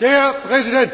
Der Präsident!